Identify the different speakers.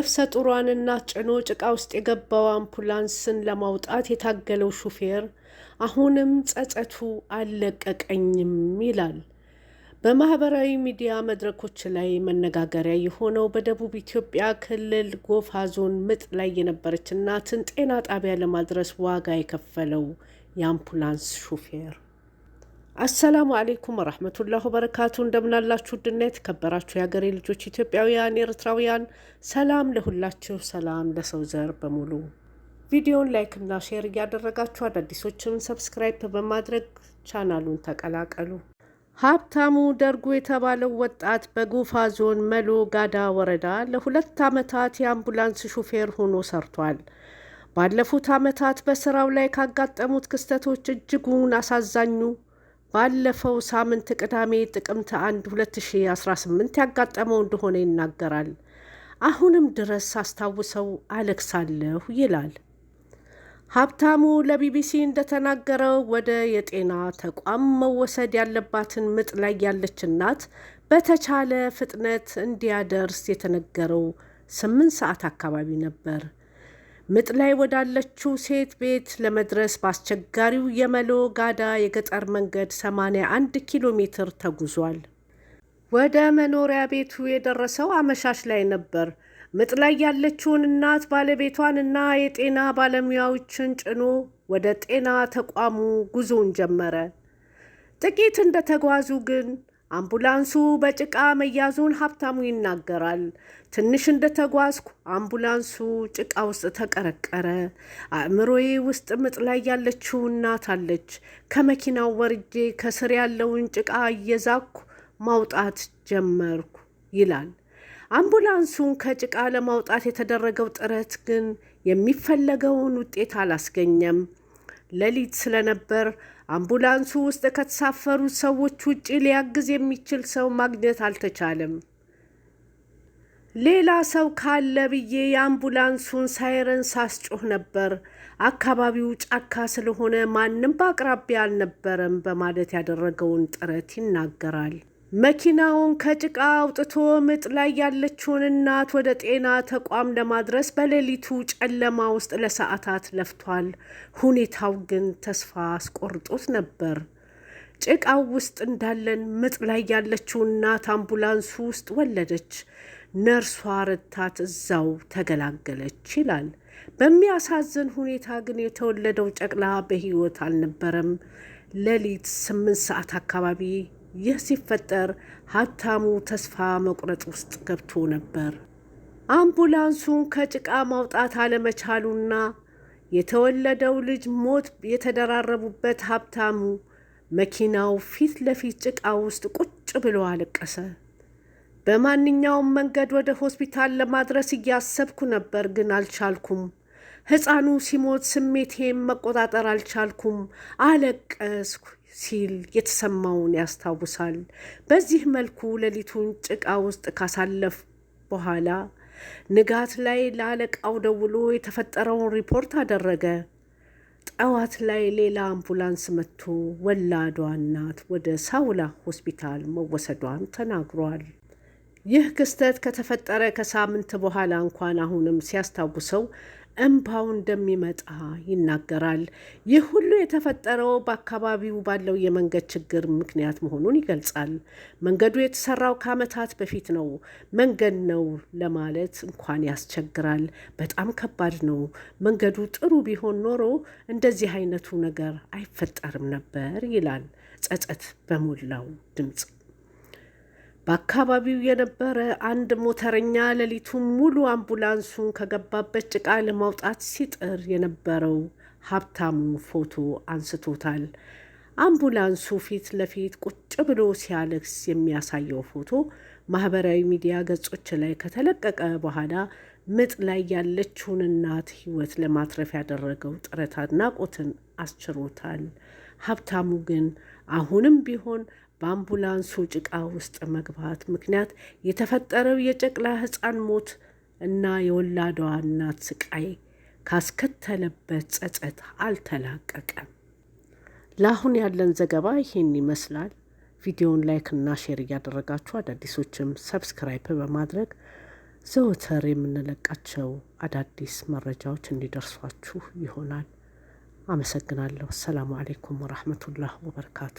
Speaker 1: ነፍሰ ጡሯን ጭኖ ጭቃ ውስጥ የገባው አምፑላንስን ለማውጣት የታገለው ሹፌር አሁንም ጸጸቱ አልለቀቀኝም ይላል። በማህበራዊ ሚዲያ መድረኮች ላይ መነጋገሪያ የሆነው በደቡብ ኢትዮጵያ ክልል ጎፋ ዞን ምጥ ላይ የነበረች እናትን ጤና ጣቢያ ለማድረስ ዋጋ የከፈለው የአምፑላንስ ሹፌር አሰላሙ አሌይኩም ወረህመቱላሁ በረካቱ እንደምናላችሁ ውድና የተከበራችሁ የሀገሬ ልጆች ኢትዮጵያውያን፣ ኤርትራውያን ሰላም ለሁላችሁ፣ ሰላም ለሰው ዘር በሙሉ። ቪዲዮን ላይክና ሼር እያደረጋችሁ አዳዲሶችን ሰብስክራይብ በማድረግ ቻናሉን ተቀላቀሉ። ሀብታሙ ደርጉ የተባለው ወጣት በጎፋ ዞን መሎ ጋዳ ወረዳ ለሁለት ዓመታት የአምቡላንስ ሹፌር ሆኖ ሰርቷል። ባለፉት ዓመታት በስራው ላይ ካጋጠሙት ክስተቶች እጅጉን አሳዛኙ ባለፈው ሳምንት ቅዳሜ ጥቅምት 1 2018 ያጋጠመው እንደሆነ ይናገራል። አሁንም ድረስ አስታውሰው አለቅሳለሁ ይላል። ሀብታሙ ለቢቢሲ እንደተናገረው ወደ የጤና ተቋም መወሰድ ያለባትን ምጥ ላይ ያለች እናት በተቻለ ፍጥነት እንዲያደርስ የተነገረው ስምንት ሰዓት አካባቢ ነበር። ምጥ ላይ ወዳለችው ሴት ቤት ለመድረስ በአስቸጋሪው የመሎ ጋዳ የገጠር መንገድ 81 ኪሎ ሜትር ተጉዟል። ወደ መኖሪያ ቤቱ የደረሰው አመሻሽ ላይ ነበር። ምጥ ላይ ያለችውን እናት ባለቤቷን እና የጤና ባለሙያዎችን ጭኖ ወደ ጤና ተቋሙ ጉዞውን ጀመረ። ጥቂት እንደተጓዙ ግን አምቡላንሱ በጭቃ መያዙን ሀብታሙ ይናገራል። ትንሽ እንደተጓዝኩ አምቡላንሱ ጭቃ ውስጥ ተቀረቀረ። አእምሮዬ ውስጥ ምጥ ላይ ያለችው እናት አለች። ከመኪናው ወርጄ ከስር ያለውን ጭቃ እየዛኩ ማውጣት ጀመርኩ ይላል። አምቡላንሱን ከጭቃ ለማውጣት የተደረገው ጥረት ግን የሚፈለገውን ውጤት አላስገኘም። ሌሊት ስለነበር አምቡላንሱ ውስጥ ከተሳፈሩት ሰዎች ውጪ ሊያግዝ የሚችል ሰው ማግኘት አልተቻለም። ሌላ ሰው ካለ ብዬ የአምቡላንሱን ሳይረን ሳስጮህ ነበር። አካባቢው ጫካ ስለሆነ ማንም በአቅራቢያ አልነበረም በማለት ያደረገውን ጥረት ይናገራል። መኪናውን ከጭቃ አውጥቶ ምጥ ላይ ያለችውን እናት ወደ ጤና ተቋም ለማድረስ በሌሊቱ ጨለማ ውስጥ ለሰዓታት ለፍቷል። ሁኔታው ግን ተስፋ አስቆርጦት ነበር። ጭቃው ውስጥ እንዳለን ምጥ ላይ ያለችው እናት አምቡላንሱ ውስጥ ወለደች። ነርሷ ረታት እዛው ተገላገለች ይላል። በሚያሳዝን ሁኔታ ግን የተወለደው ጨቅላ በሕይወት አልነበረም። ሌሊት ስምንት ሰዓት አካባቢ ይህ ሲፈጠር ሀብታሙ ተስፋ መቁረጥ ውስጥ ገብቶ ነበር። አምቡላንሱን ከጭቃ ማውጣት አለመቻሉና የተወለደው ልጅ ሞት የተደራረቡበት ሀብታሙ መኪናው ፊት ለፊት ጭቃ ውስጥ ቁጭ ብሎ አለቀሰ። በማንኛውም መንገድ ወደ ሆስፒታል ለማድረስ እያሰብኩ ነበር፣ ግን አልቻልኩም። ሕፃኑ ሲሞት ስሜቴም መቆጣጠር አልቻልኩም። አለቀስኩ። ሲል የተሰማውን ያስታውሳል። በዚህ መልኩ ሌሊቱን ጭቃ ውስጥ ካሳለፍ በኋላ ንጋት ላይ ለአለቃው ደውሎ የተፈጠረውን ሪፖርት አደረገ። ጠዋት ላይ ሌላ አምቡላንስ መጥቶ ወላዷ እናት ወደ ሳውላ ሆስፒታል መወሰዷን ተናግሯል። ይህ ክስተት ከተፈጠረ ከሳምንት በኋላ እንኳን አሁንም ሲያስታውሰው እምባው እንደሚመጣ ይናገራል። ይህ ሁሉ የተፈጠረው በአካባቢው ባለው የመንገድ ችግር ምክንያት መሆኑን ይገልጻል። መንገዱ የተሰራው ከዓመታት በፊት ነው። መንገድ ነው ለማለት እንኳን ያስቸግራል። በጣም ከባድ ነው። መንገዱ ጥሩ ቢሆን ኖሮ እንደዚህ አይነቱ ነገር አይፈጠርም ነበር ይላል ጸጸት በሞላው ድምፅ። በአካባቢው የነበረ አንድ ሞተረኛ ሌሊቱን ሙሉ አምቡላንሱን ከገባበት ጭቃ ለማውጣት ሲጥር የነበረው ሀብታሙ ፎቶ አንስቶታል። አምቡላንሱ ፊት ለፊት ቁጭ ብሎ ሲያለቅስ የሚያሳየው ፎቶ ማህበራዊ ሚዲያ ገጾች ላይ ከተለቀቀ በኋላ ምጥ ላይ ያለችውን እናት ሕይወት ለማትረፍ ያደረገው ጥረት አድናቆትን አስችሮታል። ሀብታሙ ግን አሁንም ቢሆን በአምቡላንሱ ጭቃ ውስጥ መግባት ምክንያት የተፈጠረው የጨቅላ ሕፃን ሞት እና የወላዷ እናት ስቃይ ካስከተለበት ጸጸት አልተላቀቀም። ለአሁን ያለን ዘገባ ይሄን ይመስላል። ቪዲዮውን ላይክ እና ሼር እያደረጋችሁ አዳዲሶችም ሰብስክራይብ በማድረግ ዘወትር የምንለቃቸው አዳዲስ መረጃዎች እንዲደርሷችሁ ይሆናል። አመሰግናለሁ። አሰላሙ አሌይኩም ወራህመቱላህ ወበረካቱ።